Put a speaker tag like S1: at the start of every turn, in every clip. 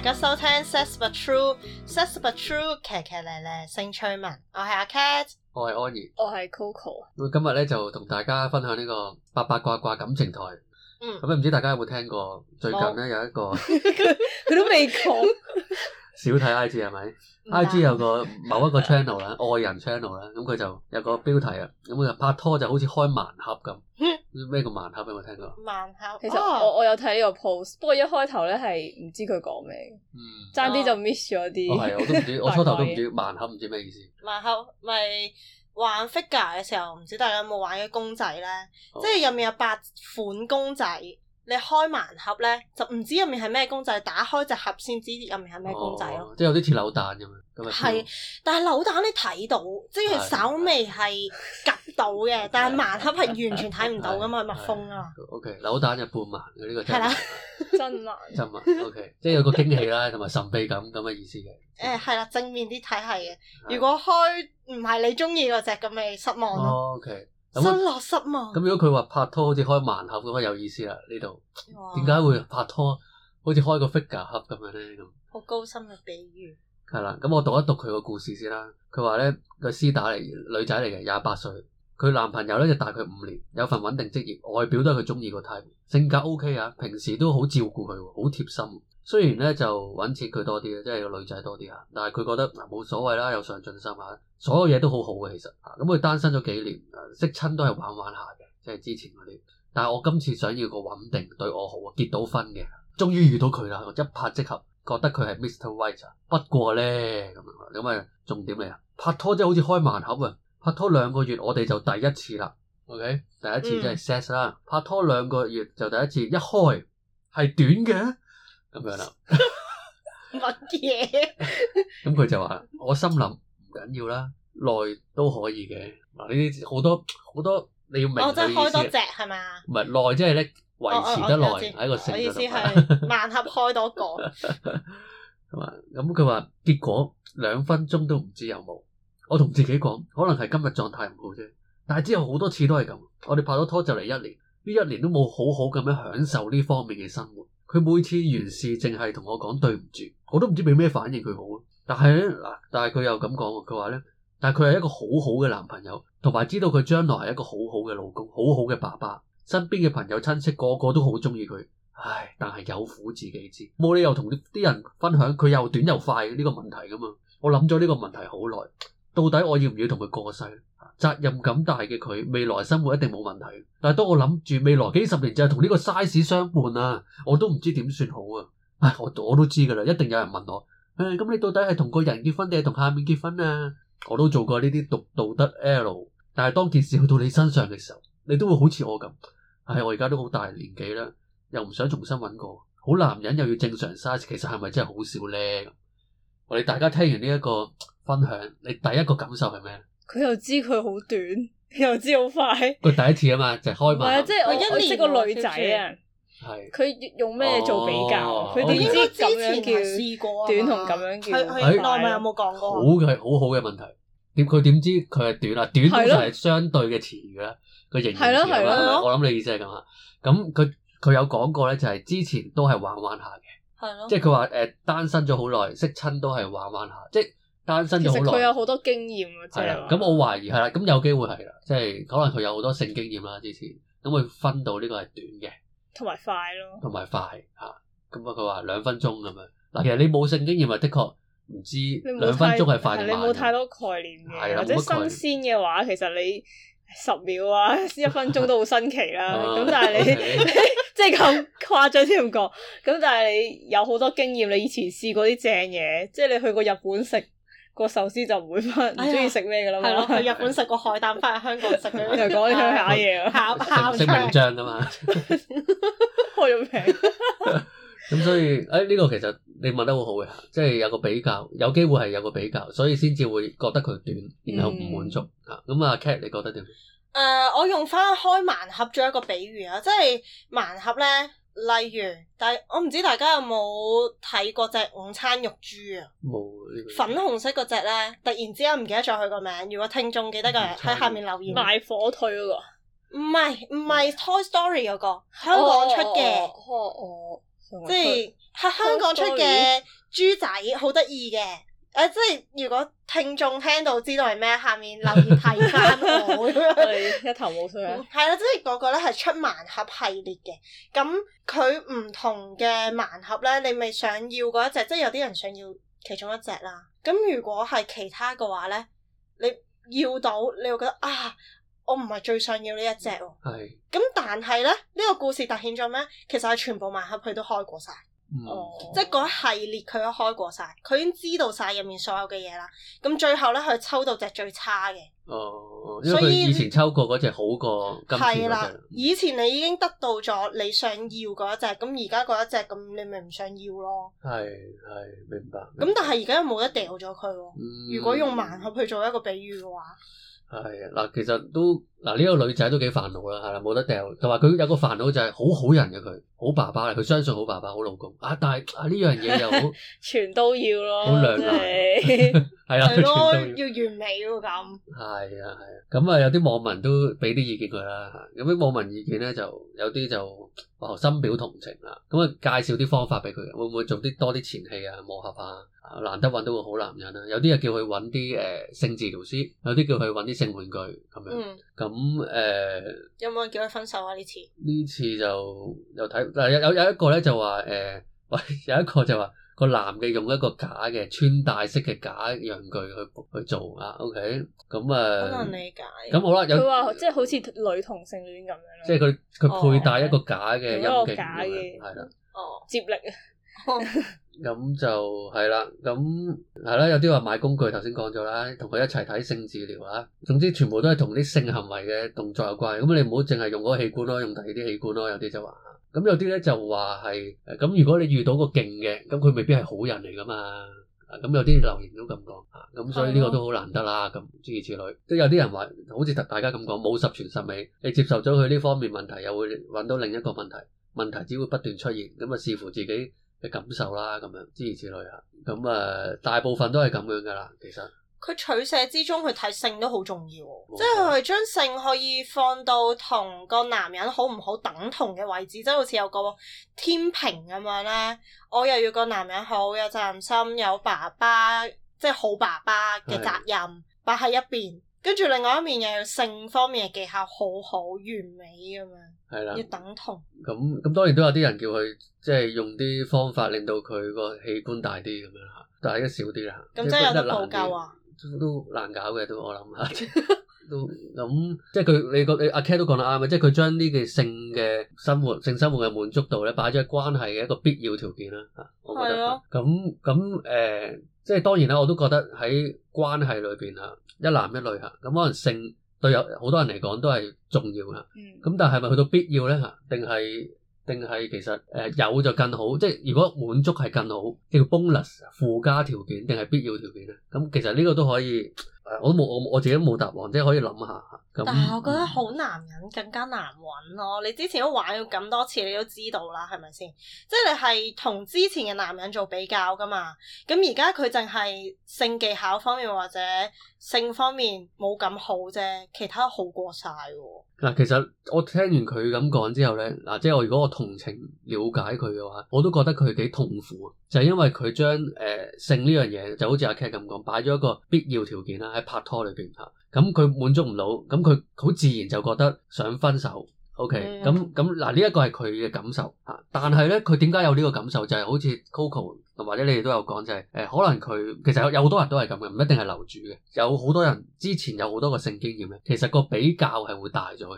S1: 大家收聽 Sex but true，Sex but true，騎騎靚靚性趣聞。我係阿 Cat，我係安然，我係 Coco。
S2: 我今日咧就同大家分享呢個八八卦卦感情台。咁咧唔知大家有冇聽過。最近咧沒有一個
S3: 佢都未講。
S2: 少睇 I G 係咪？I G 有個某一個 channel 啦， 愛人 channel 啦，咁佢就有個標題啊，咁佢就拍拖就好似開盲盒咁，咩個盲盒俾我聽啊？盲盒，有有盲
S3: 哦、其實我我有睇呢個 post，不過一開頭咧係唔知佢講咩嘅，爭啲、嗯、就 miss 咗啲。我係我都唔知，
S2: 我初頭都唔知盲盒唔知咩意思。
S1: 盲盒咪玩 figure 嘅時候，唔知大家有冇玩嘅公仔咧？即係入面有八款公仔。你開盲盒咧，就唔知入面係咩公仔，打開隻盒先知入面係咩公仔咯。
S2: 即係有啲似扭蛋咁樣？係
S1: 但係扭蛋你睇到，即係佢稍微係夾到嘅，object 但係盲盒係完全睇唔到噶嘛，密封啊。O、okay、
S2: K. 扭蛋就半盲嘅呢、這個。係啦，
S1: 真盲。真
S2: 盲。O K. 即係有個驚喜啦，同埋神秘感咁嘅意思
S1: 嘅。誒係啦，正面啲睇係嘅。如果開唔係你中意嗰隻咁，咪失望咯。
S2: O、oh, K.、Okay. 新垃圾嘛？咁如果佢話拍拖好似開盲盒咁啊，有意思啦呢度。
S1: 點解哇
S2: 會拍拖好？好似開個 figure 盒咁樣咧咁。好
S1: 高深嘅比喻。
S2: 係啦，咁我讀一讀佢個故事先啦。佢話咧個師打嚟，女仔嚟嘅，廿八歲。佢男朋友咧就大佢五年，有份穩定職業，外表都係佢中意個 type，性格 O、OK、K 啊，平時都好照顧佢，好貼心。雖然咧就揾錢佢多啲咧，即係個女仔多啲啊，但係佢覺得冇所謂啦，有上進心啊，所有嘢都好好嘅其實啊，咁佢單身咗幾年，啊、識親都係玩玩下嘅，即係之前嗰啲。但係我今次想要個穩定對我好啊，結到婚嘅，終於遇到佢啦，一拍即合，覺得佢係 Mr. White 啊。不過呢，咁樣咁啊，重點嚟啊，拍拖即係好似開盲盒啊！拍拖兩個月我哋就第一次啦，OK，第一次即係 sex 啦。拍拖兩個月就第一次，一開係短嘅。咁樣啦，
S1: 乜嘢、 嗯？
S2: 咁什佢 就話，我心諗唔緊要啦，耐都可以嘅。嗱，呢啲好多好多你要明、哦哦哦。我即係開多隻係嘛？唔係耐，即係咧維持得耐喺個成我意思係
S1: 萬合開多個
S2: 係嘛？咁佢話結果兩分鐘都唔知有冇。我同自己講，可能係今日狀態唔好啫。但係之後好多次都係咁，我哋拍咗拖就嚟一年，呢一年都冇好好咁樣享受呢方面嘅生活。佢每次完事，淨係同我講對唔住，我都唔知俾咩反應佢好咯。但係呢，嗱，但係佢又咁講，佢話呢，但係佢係一個好好嘅男朋友，同埋知道佢將來係一個好好嘅老公、好好嘅爸爸。身邊嘅朋友親戚個個都好中意佢。唉，但係有苦自己知，冇理由同啲人分享。佢又短又快呢個問題噶嘛？我諗咗呢個問題好耐。到底我要唔要同佢過世？責任感大嘅佢，未來生活一定冇問題。但係當我諗住未來幾十年就係同呢個 size 相伴啊，我都唔知點算好啊！唉我我都知噶啦，一定有人問我：「唉，咁你到底係同個人結婚定係同下面結婚啊？我都做過呢啲獨道德 L。」但係當件事去到你身上嘅時候，你都會好似我咁。唉，我而家都好大年紀啦，又唔想重新揾個好男人，又要正常 size，其實係咪真係好少呢？我哋大家聽完呢、這、一個。分享你第一個感受係咩咧？
S3: 佢又知佢好短，又知好快。
S2: 佢第一次啊嘛，就開碼。係啊，即係我一年我識個女仔啊。
S3: 係。佢用咩做比較？佢點知咁樣叫短同咁樣叫快？耐咪有冇講過？好
S2: 係好好嘅問題。點佢點知佢係短啊？短通常係相對嘅詞語啦。個形容詞啦。我諗你意思係咁啊。咁佢佢有講過咧，就係之前都係玩玩下嘅。係咯。即係佢話誒，單身咗好耐，識親都係玩玩下，即係。單身咗好耐，其實佢有好
S3: 多經驗咯，即係咁我
S2: 懷疑係啦，咁有機會係啦，即係可能佢有好多性經驗啦。之前咁佢分到呢個係短嘅，
S3: 同埋快咯，同
S2: 埋快嚇咁啊。佢話兩分鐘咁樣嗱，其實你冇性經驗咪的確唔知兩分鐘係快定慢，你冇太
S3: 多概念嘅，或者新鮮嘅話，其實你十秒啊，先一分鐘都好新奇啦。咁但係你即係咁誇張添唔講咁，但係你有好多經驗，你以前試過啲正嘢，即係你去過日
S1: 本食。個壽司就唔會翻，唔中意食咩㗎啦。係咯、哎，去日本食個海膽，翻去香港食佢又講你去咬嘢喎，敲敲窗。
S2: 開咗平咁，所以誒呢個其實你問得好好嘅，即係有個比較，有機會係有個比較，所以先至會覺得佢短，然後唔滿足嚇。咁啊，Cat，你覺得點？誒、
S1: 呃，我用翻開盲盒做一個比喻啊，即係盲盒咧。例如，但係我唔知大家有冇睇過隻午餐肉豬啊？
S2: 冇了粉
S1: 紅色嗰隻咧，突然之間唔記得咗佢個名。如果聽眾記得嘅，喺下面留言。賣火腿嗰個？唔係唔係 Toy Story 嗰個，香港出嘅。哦哦。即係喺香港出嘅豬仔，好得意嘅。誒，即係如果聽眾聽到知道係咩，下面留言睇翻我咁樣，一頭霧水啊！係啦，即係嗰個咧，係出盲盒系列嘅。咁佢唔同嘅盲盒咧，你咪想要嗰一隻，即係有啲人想要其中一隻啦。咁如果係其他嘅話咧，你要到你會覺得啊，我唔係最想要呢一隻哦。係。咁但係咧，呢個故事凸顯咗咩？其實係全部盲盒佢都開過晒。哦，即係嗰一系列佢都開過晒，佢已經知道晒入面所有嘅嘢啦。咁最後咧，佢抽到隻最差嘅。
S2: 哦，所以以前抽過嗰隻好過。係啦，
S1: 以前你已經得到咗你想要嗰一隻，咁而家嗰一隻，咁你咪唔想要咯。
S2: 係係，明白。咁
S1: 但係而家又冇得掉咗佢。嗯，
S2: 如果用
S1: 盲盒去做一個比喻嘅話，
S2: 係嗱，其實都。嗱呢個女仔都幾煩惱啦，係啦，冇得掉，同埋佢有個煩惱就係好好人嘅佢，好爸爸啦，佢相信好爸爸，好老公啊，但係啊呢樣嘢又好，就
S3: 全都要咯，好兩難，
S2: 係啦 的，要，要
S1: 完美喎，咁，
S2: 係啊係啊，咁啊有啲網民都俾啲意見佢啦，咁啲網民意見咧就有啲就話深表同情啦，咁啊介紹啲方法俾佢，會唔會做啲多啲前戲啊磨合啊，難得揾到個好男人啊，有啲啊叫佢揾啲誒性治療師，有啲叫佢揾啲性玩具咁樣、嗯咁，誒
S1: 有冇人叫佢分手啊？呢次
S2: 呢次就有睇，嗱，有有有一個咧就話，誒喂，有一個就話、欸、個就男嘅用一個假嘅穿戴式嘅假陽具去去做啊 OK 咁啊，嗯嗯、可能理
S3: 解咁、嗯、好啦。佢話即係好似女同性戀咁樣
S2: 咯，即係佢佢佩戴一個假嘅、哦、勁假嘅，係啦
S3: 樣，哦，接力。
S2: 咁、嗯、就係啦，咁係啦，有啲話買工具，頭先講咗啦，同佢一齊睇性治療啦。總之全部都係同啲性行為嘅動作有關。咁你唔好淨係用嗰個器官咯，用第二啲器官咯。有啲就話，咁、嗯、有啲咧就話係。咁、欸嗯、如果你遇到個勁嘅，咁佢未必係好人嚟噶嘛。咁、啊嗯、有啲留言都咁講，咁、啊嗯、所以呢個都好難得啦。咁諸如此類，即有啲人話，好似大家咁講，冇十全十美。你接受咗佢呢方面問題，又會搵到另一個問題，問題只會不斷出現。咁、嗯、啊，視乎自己嘅感受啦，咁樣諸如此類啊，咁啊大部分都係咁樣㗎喇，其實。
S1: 佢取捨之中，佢睇性都好重要，冇錯。即係佢將性可以放到同個男人好唔好等同嘅位置，即係好似有個天平咁樣咧，我又要個男人好有責任心，有爸爸即係、就是、好爸爸嘅責任係呀，擺喺一邊，跟住另外一面又要性方面嘅技巧好好完美咁樣。係啦，要等同。
S2: 咁咁當然都有啲人叫佢，即、就、係、是、用啲方法令到佢個器官大啲咁樣吓，但係而家少啲啦。咁真係有得補救啊都？都難搞嘅，都我諗下， 都咁即係佢，你覺你阿、啊、Cat 都講得啱啊！即係佢將呢嘅性嘅生活、性生活嘅滿足度咧，擺咗喺關係嘅一個必要條件啦。吓， 我覺得。咯的。咁咁誒，即係當然啦，我都覺得喺關係裏邊啊，一男一女吓，咁可能性。對有好多人嚟講都係重要噶，咁但係咪去到必要咧吓？定係定係其實誒有就更好，即係如果滿足係更好，即叫 bonus 附加條件定係必要條件咧？咁其實呢個都可以誒，我都冇我我自己都冇答案，即係可以諗下。但係
S1: 我覺得好男人更加難揾咯，你之前都玩咗咁多次，你都知道啦，係咪先？即係你係同之前嘅男人做比較噶嘛？咁而家佢淨係性技巧方面或者性方面冇咁好啫，其他好過晒喎。
S2: 嗱，其實我聽完佢咁講之後咧，嗱，即係我如果我同情、了解佢嘅話，我都覺得佢幾痛苦，就係、是、因為佢將誒性呢樣嘢，就好似阿 Cat 咁講，擺咗一個必要條件啦，喺拍拖裏邊拍。咁佢滿足唔到，咁佢好自然就覺得想分手。OK，咁咁嗱呢一個係佢嘅感受吓，但係咧，佢點解有呢個感受就係、是、好似 Coco 同或者你哋都有講就係、是、誒、呃，可能佢其實有好多人都係咁嘅，唔一定係樓主嘅，有好多人之前有好多個性經驗嘅，其實個比較係會大咗嘅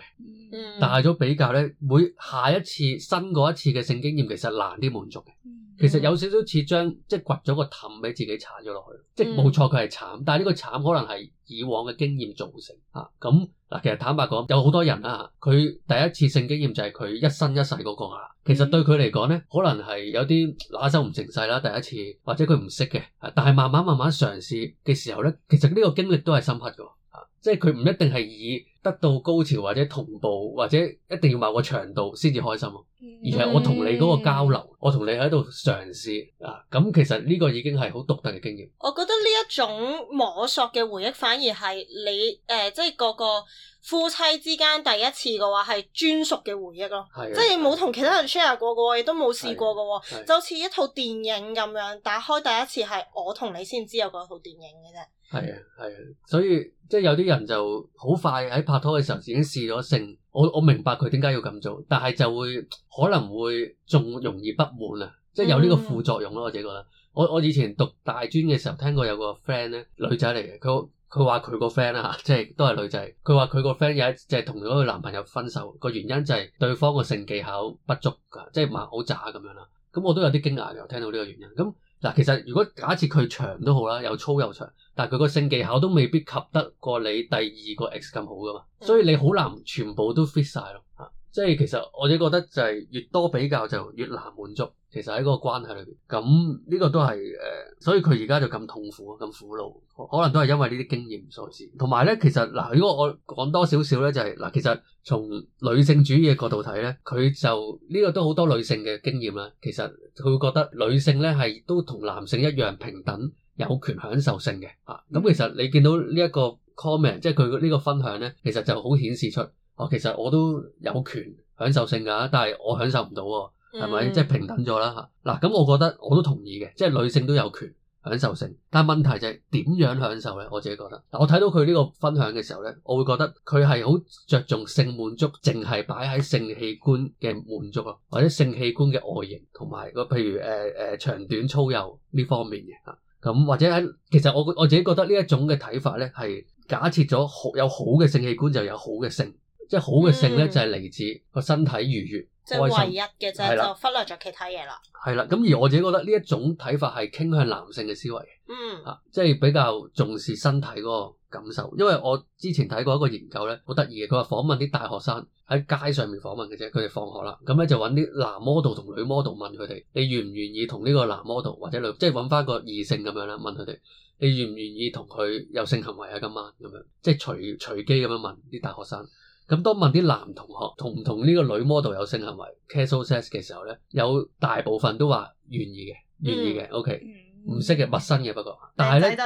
S2: ，Yeah. 大咗比較咧，每下一次新過一次嘅性經驗其實難啲滿足嘅。其實有少少似將即係掘咗個氹俾自己踩咗落去，即係冇錯佢係慘，但係呢個慘可能係以往嘅經驗造成嚇。咁、啊、嗱、嗯，其實坦白講，有好多人啊，佢第一次性經驗就係佢一生一世嗰、那個啊。其實對佢嚟講咧，可能係有啲拿手唔成勢啦，第一次或者佢唔識嘅。但係慢慢慢慢嘗試嘅時候咧，其實呢個經歷都係深刻㗎喎、啊即係佢唔一定係以得到高潮或者同步或者一定要某個長度先至開心，而係我同你嗰個交流，我同你喺度嘗試啊，咁其實呢個已經係好獨特嘅經驗。
S1: 我覺得呢一種摸索嘅回憶，反而係你誒，即係個個夫妻之間第一次嘅話係專屬嘅回憶咯，即係冇同其他人 share 過嘅，亦都冇試過嘅，就好似一套電影咁樣打開第一次係我同你先知有嗰
S2: 套電影嘅啫。係啊係啊，所以即係有啲。人就好快喺拍拖嘅時候已經試咗性，我我明白佢點解要咁做，但係就會可能會仲容易不滿啊，即係有呢個副作用咯，我自己覺得。我我以前讀大專嘅時候聽過有個 friend 咧，他他 friend, 女仔嚟嘅，佢佢話佢個 friend 啊，即係都係女仔，佢話佢個 friend 有一即係同咗個男朋友分手，個原因就係對方個性技巧不足噶，即係蠻好渣咁樣啦。咁我都有啲驚訝嘅，聽到呢個原因咁。嗱，其實如果假設佢長都好啦，又粗又長，但係佢個性技巧都未必及得過你第二個 X 咁好㗎嘛，所以你好難全部都 fit 晒咯，啊，即係其實我哋覺得就係越多比較就越難滿足。其實喺嗰個關係裏邊，咁呢個都係誒、呃，所以佢而家就咁痛苦，咁苦惱，可能都係因為呢啲經驗所致。同埋咧，其實嗱，如果我講多少少咧，就係、是、嗱，其實從女性主義嘅角度睇咧，佢就呢、這個都好多女性嘅經驗啦。其實佢會覺得女性咧係都同男性一樣平等，有權享受性嘅。啊，咁、嗯、其實你見到呢一個 comment，即係佢呢個分享咧，其實就好顯示出哦、啊，其實我都有權享受性㗎，但係我享受唔到喎。係咪即係平等咗啦吓？嗱、啊、咁，我覺得我都同意嘅，即係女性都有權享受性，但係問題就係點樣享受呢？我自己覺得，我睇到佢呢個分享嘅時候呢，我會覺得佢係好着重性滿足，淨係擺喺性器官嘅滿足啊，或者性器官嘅外形同埋個譬如誒誒、呃呃、長短粗幼呢方面嘅吓咁，或者喺其實我我自己覺得呢一種嘅睇法呢，係假設咗好有好嘅性器官就有好嘅性，即係好嘅性呢，就係、是、嚟自個身體愉悅。嗯即係唯一嘅啫，
S1: 就忽略咗
S2: 其他嘢啦。係啦，咁而我自己覺得呢一種睇法係傾向男性嘅思維。
S1: 嗯，啊，
S2: 即係比較重視身體嗰個感受。因為我之前睇過一個研究咧，好得意嘅。佢話訪問啲大學生喺街上面訪問嘅啫，佢哋放學啦，咁、嗯、咧就揾啲男 model 同女 model 問佢哋：你願唔願意同呢個男 model 或者女，即係揾翻個異性咁樣啦？問佢哋你願唔願意同佢有性行為啊？今晚咁樣，即係隨隨機咁樣問啲大學生。咁當問啲男同學同唔同呢個女 model 有性行為 casual sex 嘅時候咧，有大部分都話願意嘅，願意嘅、嗯、OK，唔識嘅，陌生嘅，不過，但係咧，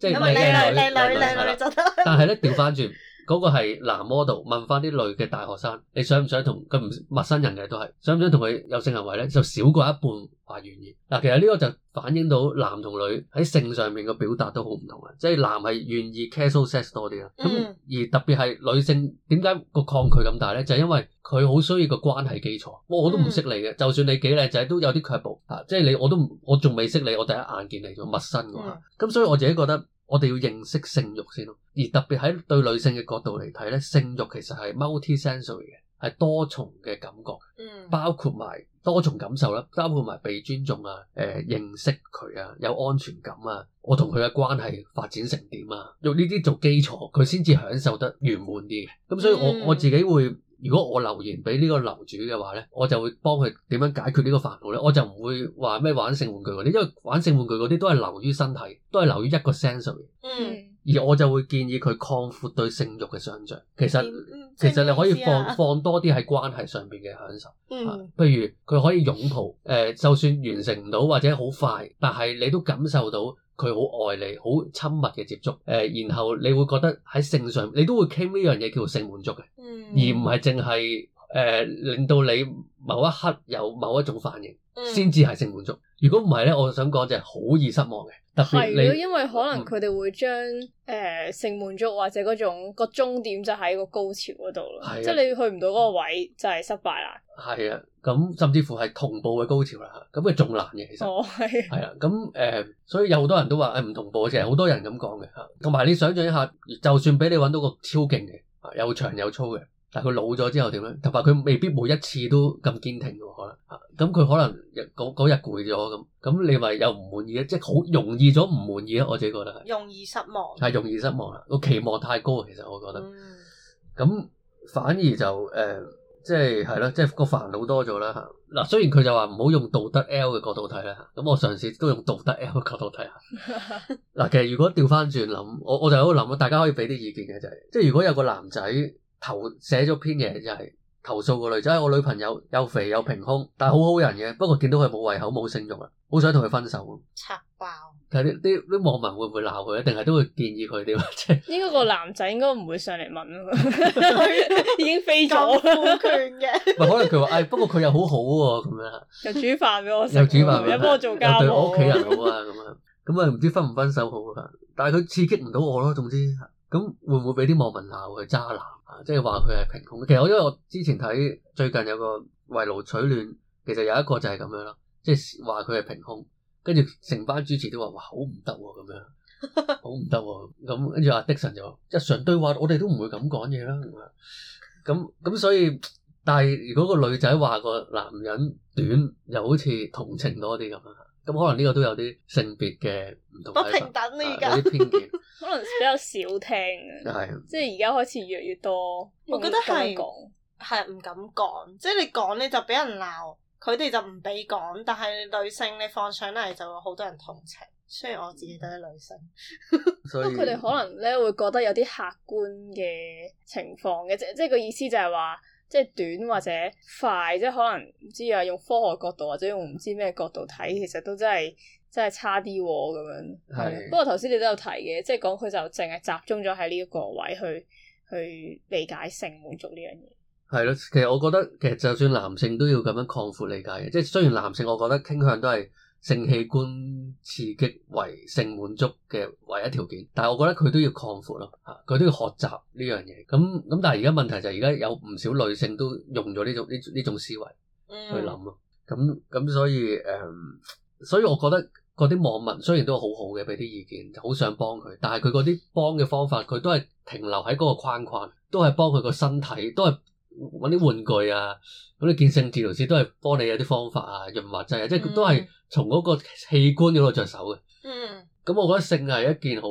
S1: 就即係靚女靚女靚女就得，就但係咧調
S2: 翻轉。 嗰個係男 model 問翻啲女嘅大學生，你想唔想同個唔陌生人嘅都係想唔想同佢有性行為咧？就少過一半話願意嗱、啊，其實呢個就反映到男同女喺性上面嘅表達都好唔同嘅，即係男係願意 casual sex 多啲啦。咁而特別係女性點解個抗拒咁大咧？就係、因為佢好需要個關係基礎、哦。我我都唔識你嘅，嗯、就算你幾靚仔都有啲卻步啊。即係你我都我仲未識你，我第一眼見你就陌生嘅咁、啊、所以我自己覺得。我哋要認識性慾先咯，而特別喺對女性嘅角度嚟睇咧，性慾其實係 multi-sensory 嘅，係多重嘅感覺，包括埋多重感受啦，包括埋被尊重啊、誒、呃、認識佢啊、有安全感啊，我同佢嘅關係發展成點啊，用呢啲做基礎，佢先至享受得圓滿啲嘅。咁所以我我自己會。如果我留言俾呢個樓主嘅話呢，我就會幫佢點樣解決呢個煩惱呢，我就唔會話咩玩性玩具嗰啲，因為玩性玩具嗰啲都係流於身體，都係流於一個 sensory 嘅。嗯。而我就會建議佢擴闊對性慾嘅想像。其實其實你可以放放多啲喺關係上邊嘅享受。啊、嗯。譬如佢可以擁抱，誒、呃，就算完成唔到或者好快，但係你都感受到。佢好愛你，好親密嘅接觸，誒、呃，然後你會覺得喺性上，你都會傾呢樣嘢叫做性滿足嘅，嗯、而唔係淨係誒令到你某一刻有某一種反應先至係性滿足。如果唔係咧，我想講就係好易失望嘅，特別如你係因
S3: 為可能佢哋會將誒性滿足或者嗰種、嗰個終點就喺個高潮嗰度咯，啊、即係你去唔到嗰個位就係失敗啦。
S2: 係啊，咁甚至乎係同步嘅高潮啦，咁佢仲難嘅其實。哦，係啊，啦、啊，咁誒、呃，所以有好多人都話誒唔同步嘅，好多人咁講嘅吓，同埋你想象一下，就算俾你揾到個超勁嘅，又長又粗嘅。有但佢老咗之後點咧？同埋佢未必每一次都咁堅挺嘅，可能嚇咁佢可能嗰日攰咗咁咁，你咪又唔滿意咧？即係好容易咗唔滿意咧。我自己覺得係
S1: 容易失望，係
S2: 容易失望啦。個期望太高，其實我覺得咁、嗯、反而就誒、呃，即係係咯，即係個煩惱多咗啦。嗱，雖然佢就話唔好用道德 L 嘅角度睇啦，咁我嘗試都用道德 L 嘅角度睇下嗱。 其實如果調翻轉諗，我我就喺度諗，大家可以俾啲意見嘅就係，即係如果有個男仔。寫投寫咗篇嘢，就係投訴個女仔，哎。我女朋友又肥又平胸，但係好好人嘅。不過見到佢冇胃口冇性慾啊，好想同佢分手。拆爆睇啲啲啲網民會唔會鬧佢啊？定係都會建議佢啲啊？
S3: 應該個男仔應該唔會上嚟問佢 已經飛咗好
S2: 強嘅。可能佢話誒，不過佢又好好、啊、喎，咁樣又
S1: 煮飯俾我食，又煮飯俾我，又幫我做家務，對我屋企人好啊，
S2: 咁樣咁啊，唔 知分唔分手好啦、啊。但係佢刺激唔到我咯，總之咁會唔會俾啲網民鬧佢渣男！即係話佢係平胸。其實我因為我之前睇最近有個圍爐取暖，其實有一個就係咁樣咯，即係話佢係平胸，跟住成班主持都話哇好唔得喎，咁樣好唔得喎，咁跟住阿 Dickson 就話日常對話，我話，我哋都唔會咁講嘢啦，咁咁所以，但係如果個女仔話個男人短，又好似同情多啲咁樣。咁可能呢個都有啲性別嘅唔同，不平等
S1: 呢、呃，而家可能比較少聽啊，
S3: 即
S1: 係而家開始越嚟越多。我覺得係係唔敢講，即係你講你就俾人鬧，佢哋就唔俾講。但係女性你放上嚟就有好多人同情，雖然我自己都係女性，
S2: 不過佢哋
S3: 可能咧會覺得有啲客觀嘅情況嘅，即即係個意思就係話。即係短或者快，即係可能唔知啊，用科學角度或者用唔知咩角度睇，其實都真係真係差啲咁樣。係、嗯，的不過頭先你都有提嘅，即係講佢就淨係集中咗喺呢一個位去去理解性滿足呢樣嘢。
S2: 係咯，其實我覺得其實就算男性都要咁樣擴闊理解嘅，即係雖然男性我覺得傾向都係。性器官刺激為性滿足嘅唯一條件，但係我覺得佢都要擴闊咯，嚇佢都要學習呢樣嘢。咁咁但係而家問題就係而家有唔少女性都用咗呢種呢呢種思維去諗咯。咁咁、嗯、所以誒、呃，所以我覺得嗰啲網民雖然都好好嘅，俾啲意見，好想幫佢，但係佢嗰啲幫嘅方法，佢都係停留喺嗰個框框，都係幫佢個身體，都係。揾啲玩具啊，咁啲健性治療師都係幫你有啲方法啊、潤滑劑啊，即係都係從嗰個器官嗰度着手嘅。嗯，咁我覺得性係一件好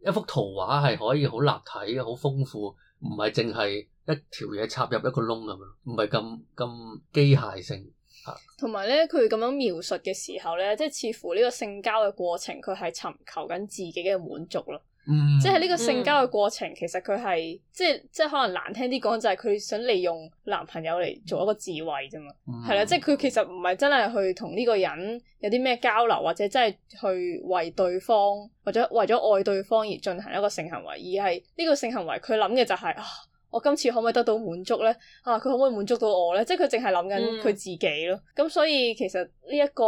S2: 一幅圖畫，係可以好立體、好豐富，唔係淨係一條嘢插入一個窿咁樣，唔係咁咁機械性。嚇，
S3: 同埋咧，佢咁樣描述嘅時候咧，即係似乎呢個性交嘅過程，佢係尋求緊自己嘅滿足咯。嗯、即係呢個性交嘅過程，嗯、其實佢係即係即係可能難聽啲講，就係佢想利用男朋友嚟做一個自慰啫嘛，係啦、嗯，即係佢其實唔係真係去同呢個人有啲咩交流，或者真係去為對方或者為咗愛對方而進行一個性行為，而係呢個性行為佢諗嘅就係、是、啊。我今次可唔可以得到滿足咧？啊，佢可唔可以滿足到我咧？即係佢淨係諗緊佢自己咯。咁、嗯、所以其實呢、這、一個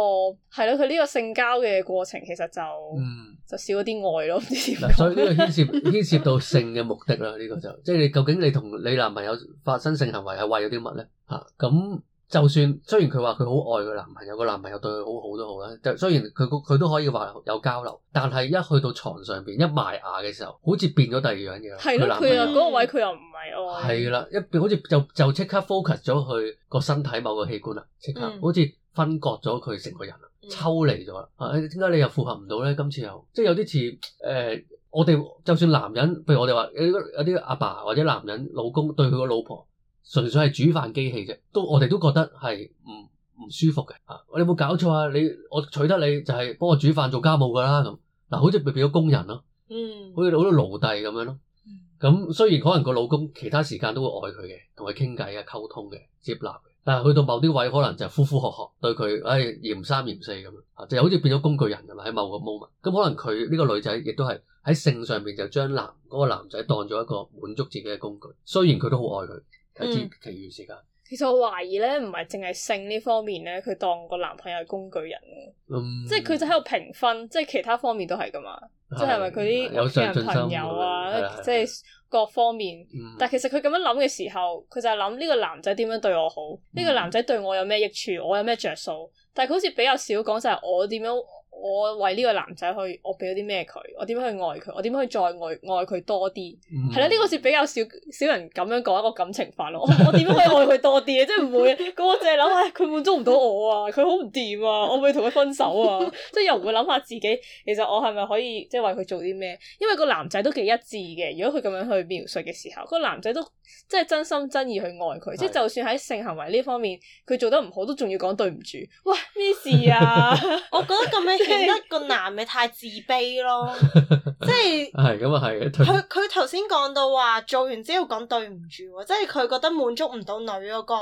S3: 係咯，佢呢個性交嘅過程其實就、
S2: 嗯、就少咗啲愛咯。嗯、所以呢個牽涉牽 涉到性嘅目的啦。呢、呢個就即係你究竟你同你男朋友發生性行為係為咗啲乜咧？啊咁。就算雖然佢話佢好愛佢男朋友，個男朋友對佢好好都好啦。就雖然佢佢都可以話有交流，但係一去到床上邊一埋牙嘅時候，好似變咗第二樣嘢。係咯，佢又
S3: 嗰個位、啊，佢又唔係愛。係
S2: 啦，一變好似就就即刻 focus 咗佢個身體某個器官啦，即刻好似分割咗佢成個人啦，抽離咗啦。嗯、啊，點解你又符合唔到咧？今次又即係有啲似誒，我哋就算男人，譬如我哋話有啲阿爸或者男人老公對佢個老婆。純粹係煮飯機器啫，都我哋都覺得係唔唔舒服嘅。啊，你有冇搞錯啊？你我娶得你就係、是、幫我煮飯做家務㗎啦。咁嗱，好似變變咗工人咯，
S3: 嗯，
S2: 好似好多奴隸咁樣咯。咁雖然可能個老公其他時間都會愛佢嘅，同佢傾偈啊、溝通嘅、接納嘅，但係去到某啲位，可能就呼呼喝喝對佢，唉、哎、嫌三嫌四咁樣啊，就好似變咗工具人咁啦。喺某個 moment，咁可能佢呢個女仔亦都係喺性上面就將男嗰個男仔當咗一個滿足自己嘅工具。雖然佢都好愛佢。係其餘時
S3: 間。其實我懷疑咧，唔係淨係性呢方面咧，佢當個男朋友係工具人、嗯、即係佢就喺度評分，嗯、即係其他方面都係噶嘛，嗯、
S2: 即係咪佢啲朋友啊，即係
S3: 各方面。嗯、但係其實佢咁樣諗嘅時候，佢就係諗呢個男仔點樣對我好，呢、嗯、個男仔對我有咩益處，我有咩着數。但係佢好似比較少講就係我點樣。我為呢個男仔去，我俾咗啲咩佢？我點樣去愛佢？我點樣去再愛愛佢多啲？係啦、嗯，呢、呢個是比較少少人咁樣講一個感情法咯。我我點樣可以愛佢多啲？ 即係唔會，咁我淨係諗，下、哎，佢滿足唔到我啊，佢好唔掂啊，我會同佢分手啊！ 即係又唔會諗下自己，其實我係咪可以即係為佢做啲咩？因為個男仔都幾一致嘅。如果佢咁樣去描述嘅時候，個男仔都即係真心真意去愛佢。的即係就算喺性行為呢方面，佢做得唔好，都仲要講對唔住。
S1: 喂，咩事啊？我覺得咁樣。 覺得個男嘅太自卑咯， 即係
S2: 係咁啊，係佢
S1: 佢頭先講到話做完之後講對唔住，即係佢覺得滿足唔到女嗰個，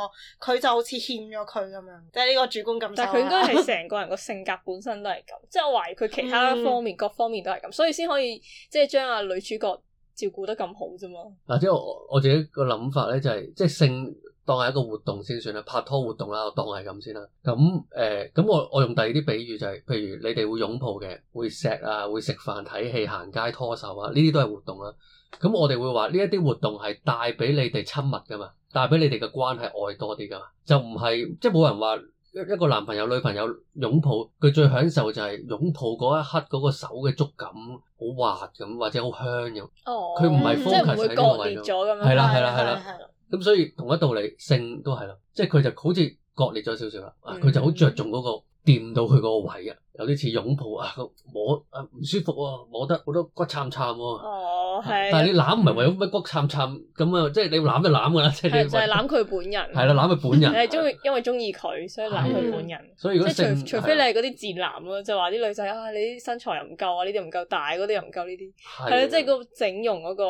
S1: 佢就好似欠咗佢咁樣，即係呢個主觀感受。但佢應該係成個人個性格本身都係咁， 即係我懷疑佢其他方面、嗯、各方面都係咁，所以
S3: 先可以即係將阿女主角照顧得咁好啫嘛。
S2: 嗱、嗯，即係我我自己個諗法咧、就係，就係即係性。當係一個活動先算啦，拍拖活動啦，我當係咁先啦。咁誒，咁、呃、我我用第二啲比喻就係、是，譬如你哋會擁抱嘅，會錫啊，會食飯、睇戲、行街、拖手啊，呢啲都係活動啦。咁我哋會話呢一啲活動係帶俾你哋親密噶嘛，帶俾你哋嘅關係愛多啲噶嘛。就唔係即係冇人話一一個男朋友女朋友擁抱，佢最享受就係擁抱嗰一刻嗰個手嘅觸感好滑咁，或者好香咁。哦、oh, 嗯，
S3: 即係唔會乾裂咗咁樣啦。係啦，係啦，係啦。
S2: 咁所以同一道理，性都係咯，即係佢就好似割裂咗少少啦，佢就好着重嗰個掂到佢嗰個位啊，有啲似擁抱啊，個摸啊唔舒服喎，摸得好多骨撐撐喎。哦，係。
S3: 但係你攬
S2: 唔係為咗咩骨撐撐咁啊？即係你要攬就攬㗎啦，即係攬佢
S3: 本人。係啦，攬佢本人。你係中意，因為中意佢，所以攬佢本人。所以如即係除非你係嗰啲賤男咯，就話啲女仔啊，你啲身材又唔夠啊，呢啲唔夠大，嗰啲又唔夠呢啲，係啦，即係個整容嗰個。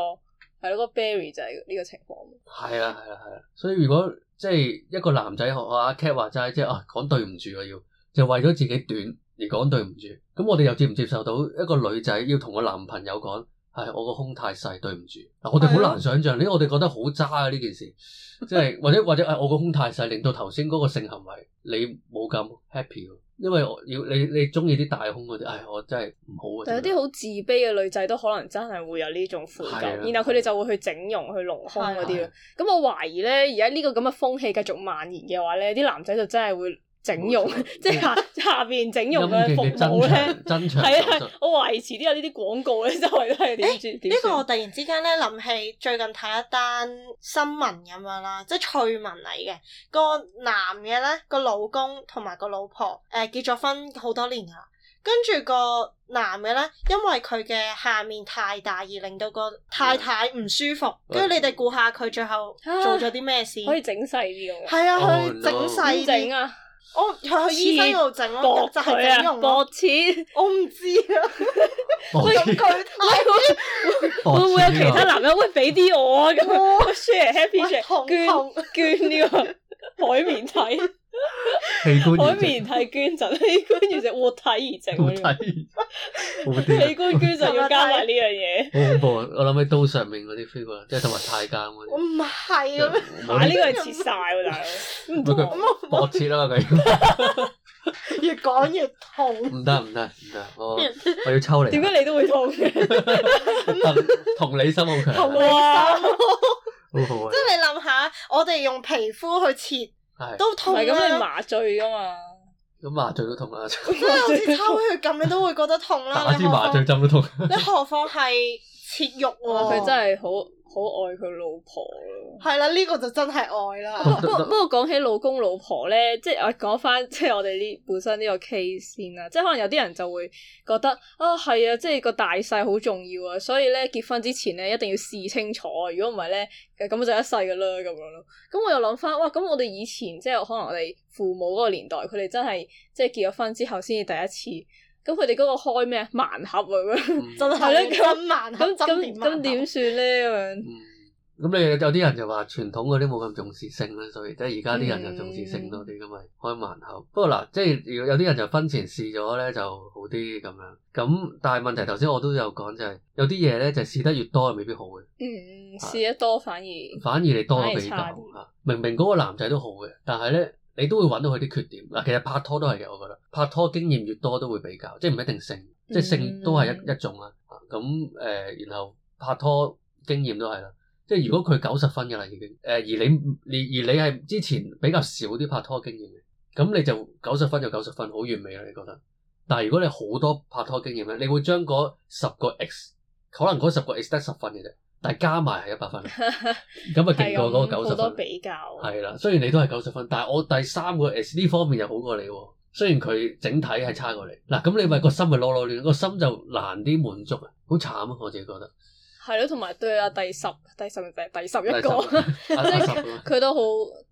S3: 係咯 ，Berry 就係呢個情況。
S2: 係 啊，係啊，係啊。所以如果即係一個男仔學阿 Cat 話齋，即係哦，講對唔住啊，要就為咗自己短而講對唔住。咁我哋又接唔接受到一個女仔要同個男朋友講，唉、哎，我個胸太細，對唔住。嗱對，我哋好難想象，呢我哋覺得好渣啊呢件事。即係或者或者係、哎、我個胸太細，令到頭先嗰個性行為你冇咁 happy。因為我要你你中意啲大胸嗰啲，唉，我真係唔好啊。但有啲
S3: 好自卑嘅女仔都可能真係會有呢種愧疚，的然後佢哋就會去整容的去隆胸嗰啲。咁我懷疑咧，而家呢個咁嘅風氣繼續蔓延嘅話咧，啲男仔就真係會。整容
S1: 即，即係下下面整容嘅服務咧，係啊、 欸，我懷疑遲啲有呢啲廣告咧，周圍都係點住？呢個我突然之間咧諗起最近睇一單新聞咁樣啦，即係趣聞嚟嘅。男呢欸、個男嘅咧，個老公同埋個老婆誒結咗婚好多年啦，跟住個男嘅咧，因為佢嘅下面太大而令到個太太唔舒服，跟住對、啊、你哋估下佢最後做咗啲咩事？ 可以整細啲喎。係 啊，去整細啲啊！我去去醫生度整咯，就係啊，整容
S3: 博錢，我唔知啊，咁具體會唔會有其他男人會俾啲我啊咁，share happy s，、哦、 捐捐呢個海綿體。 器官海綿體捐贈，器官其實活體移植，活體，器官捐贈要
S2: 加埋呢樣嘢，好恐怖。我諗起刀上面嗰啲飛過，即係同埋太監嗰
S1: 啲。唔係啊，買呢個係切晒，大佬。
S2: 唔同，薄切啦，佢
S1: 越講越痛。唔得唔得唔
S2: 得，我要抽你。點解你都會痛嘅？同理心好強，同理心，好好啊。即係你
S1: 諗下，我哋用皮膚去切。都痛，啊、都痛、啊，咁你麻醉㗎嘛？
S2: 咁麻醉都痛啦，
S1: 真係好似抽血咁，你都會覺得痛啦。打啲麻醉針都痛，你
S3: 何況係切肉喎、啊？佢 真係好。好愛佢老婆咯、啊，係啦、 啊，呢個就真係愛啦。不過不過講起老公老婆咧，即係我講翻、就是，即係我哋呢本身呢個 case 先啦。即係可能有啲人就會覺得啊，係啊，即係個大細好重要啊。所以咧，結婚之前咧，一定要試清楚、啊，如果唔係咧，咁就一世噶啦咁樣咯。咁我又諗翻，哇！咁我哋以前，即係可能我哋父母嗰個年代，佢哋真係即係結咗婚之後先至第一次。咁佢哋嗰個開咩啊？盲盒喎、啊，係咯、嗯，咁盲盒咁咁點算咧咁樣？
S2: 咁、嗯、你有啲人就話傳統嗰啲冇咁重視性啦，所以即係而家啲人就重視性多啲咁咪開盲盒。不過嗱，即係如果有啲人就婚前試咗咧就好啲咁樣。咁但係問題頭先我都有講就係、是、有啲嘢咧就試得越多係未必好嘅。嗯，
S3: 試得多反而反而你多咗比較，
S2: 明明嗰個男仔都好嘅，但係咧。你都會揾到佢啲缺點，嗱，其實拍拖都係嘅，我覺得拍拖經驗越多都會比較，即係唔一定性，即係性都係一一種啦。咁誒、呃，然後拍拖經驗都係啦，即係如果佢九十分嘅啦已經，誒、呃、而你你而你係之前比較少啲拍拖經驗嘅，咁你就九十分就九十分，好完美啦、啊，你覺得？但係如果你好多拍拖經驗咧，你會將嗰十個 X 可能嗰十個 X 得十分嘅啫。但係加埋係一百分，咁啊勁過嗰個九十分。 嗯、比較係啦，雖然你都係九十分，但係我第三個 S 呢方面又好過你喎。雖然佢整體係差過你，嗱咁你咪個心咪攞攞亂，個心就難啲滿足啊，好慘啊，我自己覺得。
S3: 係咯，同埋對阿第十、第十第，第十一個，即係佢都好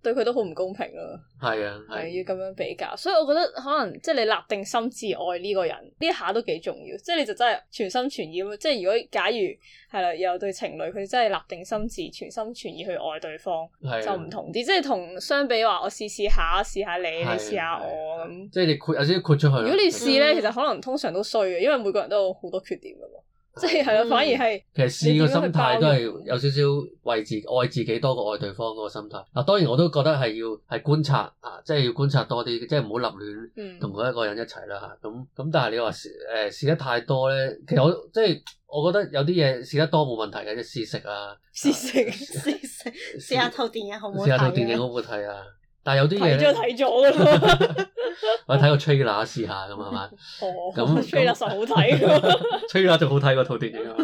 S3: 對佢都好唔公平咯。係啊， 係要咁樣比較，所以我覺得可能即係你立定心志愛呢個人，呢下都幾重要。即係你就真係全心全意咁。即係如果假如係啦，有對情侶，佢真係立定心志，全心全意去愛對方，
S2: 的就唔同啲。
S3: 即係同相比話，我試試下，試下你，你試下我咁的的。
S2: 即係你豁有啲豁出去。如果你試
S3: 咧，其實可能通常都衰嘅，因為每個人都有好多缺點嘅嘛。即係係啊，反而係、嗯。其實
S2: 試個心態都係有少少為自己愛自己多過愛對方嗰個心態。嗱，當然我都覺得係要係觀察，啊，即係要觀察多啲，即係唔好立亂同佢一個人一齊啦嚇。咁咁，但係你話試誒、欸、試得太多咧，其實我即係、即係、我覺得有啲嘢試得多冇問題嘅，即係試食啊，
S1: 試、啊、食試食，試下套電影好唔好睇啊？試下套電影
S2: 好唔好睇啊？但係有啲嘢咧，睇咗睇咗我睇個 trailer 試下咁係嘛？哦，咁 trailer 實好睇，trailer 就好睇嗰套電影。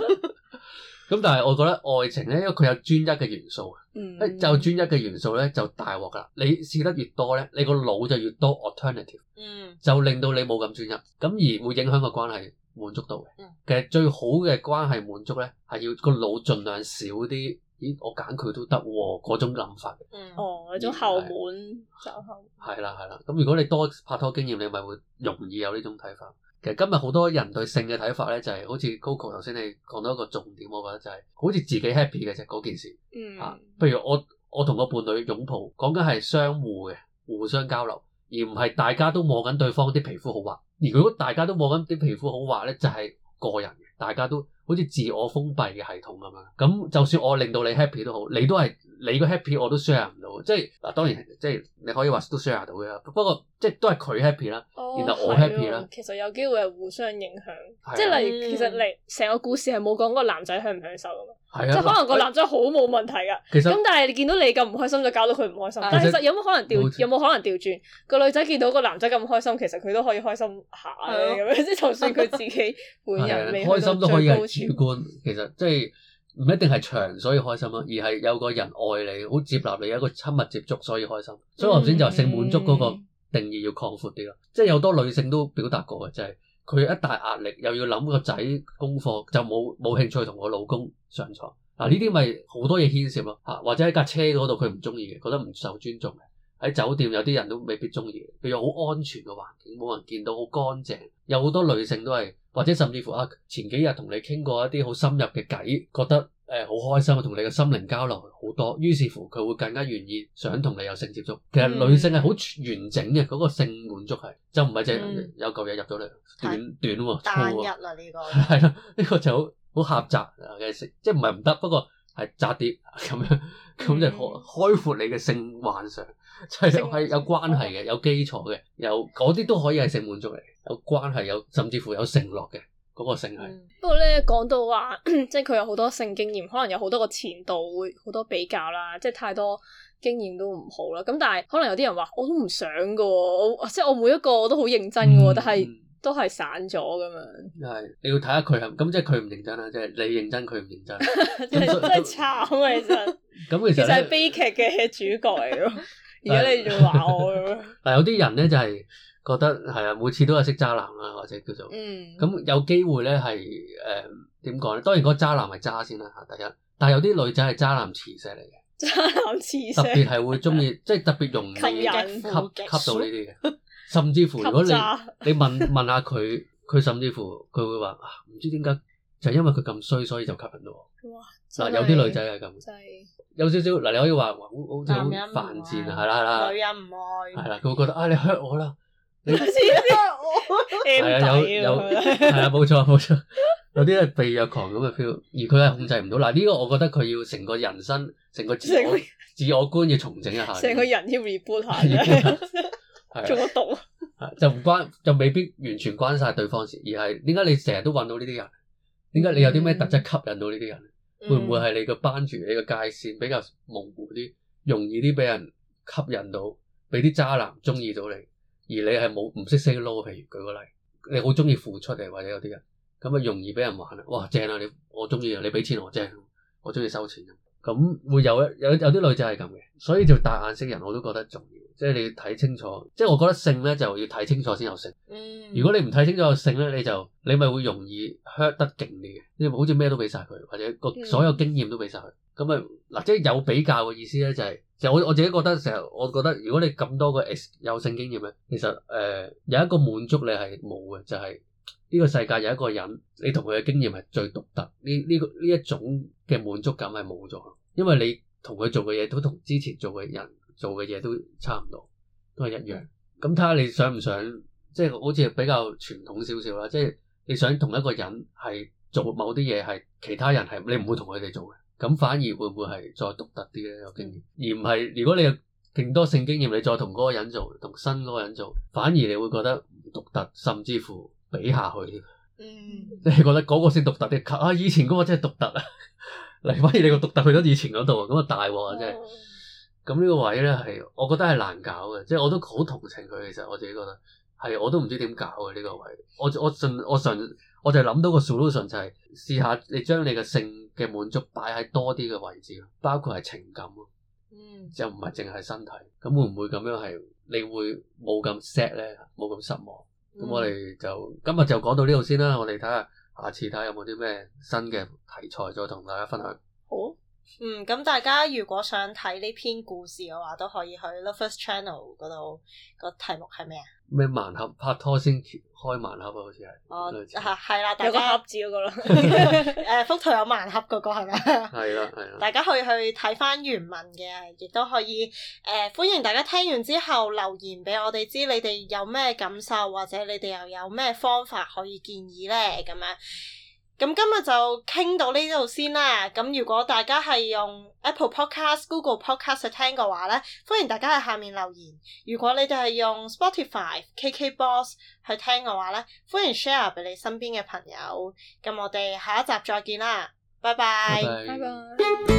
S2: 咁 但係我覺得愛情咧，因為佢有專一嘅元素，誒、嗯，就專一嘅元素咧就大鑊啦。你試得越多咧，你個腦就越多 alternative，嗯，就令到你冇咁專一，咁而會影響個關係滿足度嘅。嗯、其實最好嘅關係滿足咧，係要個腦盡量少啲。咦，我揀佢都得喎、哦，嗰種諗法。嗯。哦，
S3: 嗰種後門是就後
S2: 門。係啦，係啦。咁如果你多拍拖經驗，你咪會容易有呢種睇法。其實今日好多人對性嘅睇法咧、就是，就係好似 Coco 頭先你講到一個重點，我覺得就係、是、好似自己 happy 嘅啫嗰件事。嗯。啊，譬如我我同個伴侶擁抱，講緊係相互嘅，互相交流，而唔係大家都望緊對方啲皮膚好滑。而如果大家都望緊啲皮膚好滑咧，就係、是、個人嘅，大家都。好似自我封閉嘅系統咁樣，咁就算我令到你 happy 都好，你都係。你個 happy 我都 share 唔到，即係嗱當然即係你可以話都 share 到嘅，不過即係都係佢 happy 啦，然後我 happy 啦。其
S3: 實有機會係互相影響，即係例如其實你成個故事係冇講嗰個男仔享唔享受㗎嘛，即係可能個男仔好冇問題㗎，咁但係你見到你咁唔開心就搞到佢唔開心。但係其實有冇可能調，有冇可能調轉個女仔見到個男仔咁開心，其實佢都可以開心下嘅咁樣，即係就算佢自己本人未開到最高潮。開心都可以係主
S2: 觀，其實即係。唔一定係長所以開心咯，而係有個人愛你，好接納你，有一個親密接觸所以開心。所以我頭先就性滿足嗰個定義要擴闊啲咯，即係有多女性都表達過嘅，就係、是、佢一大壓力又要諗個仔功課，就冇冇興趣同我老公上床。嗱呢啲咪好多嘢牽涉咯嚇、啊，或者喺架車嗰度佢唔中意嘅，覺得唔受尊重嘅；喺酒店有啲人都未必中意，譬如好安全嘅環境，冇人見到，好乾淨，有好多女性都係。或者甚至乎啊，前幾日同你傾過一啲好深入嘅偈，覺得誒好、呃、開心啊，同你嘅心靈交流好多，於是乎佢會更加願意想同你有性接觸。其實女性係好完整嘅，嗰、嗯、個性滿足係就唔係淨有嚿嘢入咗你，短、嗯、短喎，粗哦、單一
S1: 啦呢、哦、個係
S2: 啦，呢、 呢個就好好狹窄嘅即係唔係唔得，不過。係扎碟咁樣，咁就開開闊你嘅性幻想，就係、係、有有關係嘅，有基礎嘅，有嗰啲都可以係性滿足嚟，有關係有甚至乎有承諾嘅嗰、嗰個性係。
S3: 不過咧講到話，即係佢有好多性經驗，可能有好多個前度，會好多比較啦，即係太多經驗都唔好啦。咁但係可能有啲人話，我都唔想噶，即係我每一個我都好認真噶，但係。嗯都係散咗
S2: 咁樣，係你要睇下佢係咁，即係佢唔認真啦，即係你認真，佢唔認真，真係
S3: 慘啊！其實
S2: 咁其實係悲
S3: 劇嘅主角嚟咯，而
S2: 家你仲話我但有啲人咧就係覺得係啊，每次都係識渣男啦，或者叫做嗯，咁有機會咧係誒點講咧？當然嗰個渣男係渣先啦吓，第一，但係有啲女仔係渣男磁石嚟
S3: 嘅，渣男磁石，特別係
S2: 會中意，即係特別容易吸引吸吸到呢啲嘅。甚至乎，如果你你問問下佢，佢甚至乎佢會話啊，唔知點解，就因為佢咁衰，所以就吸引到我。哇！嗱，有啲女仔係咁，有少少嗱，你可以話好好好犯賤啊，係啦係啦，女
S1: 人唔愛，係啦，佢
S2: 會覺得啊，你蝦我啦，你
S1: 知唔知我？係啊，有有
S2: 係啊，冇錯冇錯，有啲係被虐狂咁嘅 feel，而佢係控制唔到。嗱呢個我覺得佢要成個人生，成個自我自我觀要重整一下，成個
S3: 人要 reboot 下。做得到，
S2: 就唔關就未必完全關晒對方事，而係點解你成日都搵到呢啲人？點解你有啲咩特質吸引到呢啲人？嗯、會唔會係你個班注、你個界線比較模糊啲，容易啲俾人吸引到，俾啲渣男中意到你？而你係冇唔識 say no，譬如舉個例，你好中意付出嚟，或者有啲人咁啊，容易俾人玩啦。哇，正啦、啊，你我中意你，你俾錢我，正，我中意、啊、收錢。咁會有有有啲女仔係咁嘅，所以就帶眼識人我都覺得重要，即係你要睇清楚。即係我覺得性咧就要睇清楚先有性。嗯。如果你唔睇清楚有性咧，你就你咪會容易 hurt 得勁啲嘅。你好似咩都俾晒佢，或者個，嗯，所有經驗都俾晒佢，咁咪嗱，即係有比較嘅意思咧，就是，就係就我我自己覺得成日，我覺得如果你咁多個有性經驗咧，其實誒，呃，有一個滿足你係冇嘅，就係呢個世界有一個人你同佢嘅經驗係最獨特。呢呢個呢一種嘅滿足感係冇咗，因為你同佢做嘅嘢都同之前做嘅人做嘅嘢都差唔多，都係一樣。咁睇下你想唔想，即係好似比較傳統少少啦。即係你想同一個人係做某啲嘢，係其他人係你唔會同佢哋做嘅，咁、嗯、反而會唔會係再獨特啲嘅、這個、經驗？而唔係如果你有勁多性經驗，你再同嗰個人做，同新嗰個人做，反而你會覺得獨特，甚至乎比下去。嗯，你係覺得嗰個先獨特啲？啊，以前嗰個真係獨特啊！嚟 反而你個獨特去到以前嗰度啊，咁啊大鑊啊。即係。咁呢個位咧係，我覺得係難搞嘅，即係我都好同情佢。其實我自己覺得係，我都唔知點搞嘅呢、呢個位。我我盡我盡我，我就諗到個 solution 就係試下你將你嘅性嘅滿足擺喺多啲嘅位置，包括係情感咯，嗯，mm. 就唔係淨係身體。咁會唔會咁樣係？你會冇咁 sad 咧？冇咁失望？咁，嗯，我哋就今日就講到呢度先啦，我哋睇下下次睇下有冇啲咩新嘅題材再同大家分享。好啊。
S1: 嗯，咁大家如果想睇呢篇故事嘅話，都可以去 Love First Channel 嗰度。個題目係咩啊？
S2: 咩盲盒拍拖先開盲盒啊？好似係哦，
S1: 係啦、啊，大家合照嗰個咯。誒、 呃，幅圖有盲盒嗰、嗰個係咪？係啦，係啦、啊。啊、大家可以去睇翻原文嘅，亦都可以誒、呃，歡迎大家聽完之後留言俾我哋知，你哋有咩感受，或者你哋又有咩方法可以建議咧？咁樣。咁今日就傾到呢度先啦。咁如果大家係用 Apple Podcast、Google Podcast 去聽嘅話呢，歡迎大家喺下面留言。如果你哋係用 Spotify、KK Boss 去聽嘅話呢，歡迎 share 俾你身邊嘅朋友。咁我哋下一集再見啦，拜拜，拜拜。拜拜。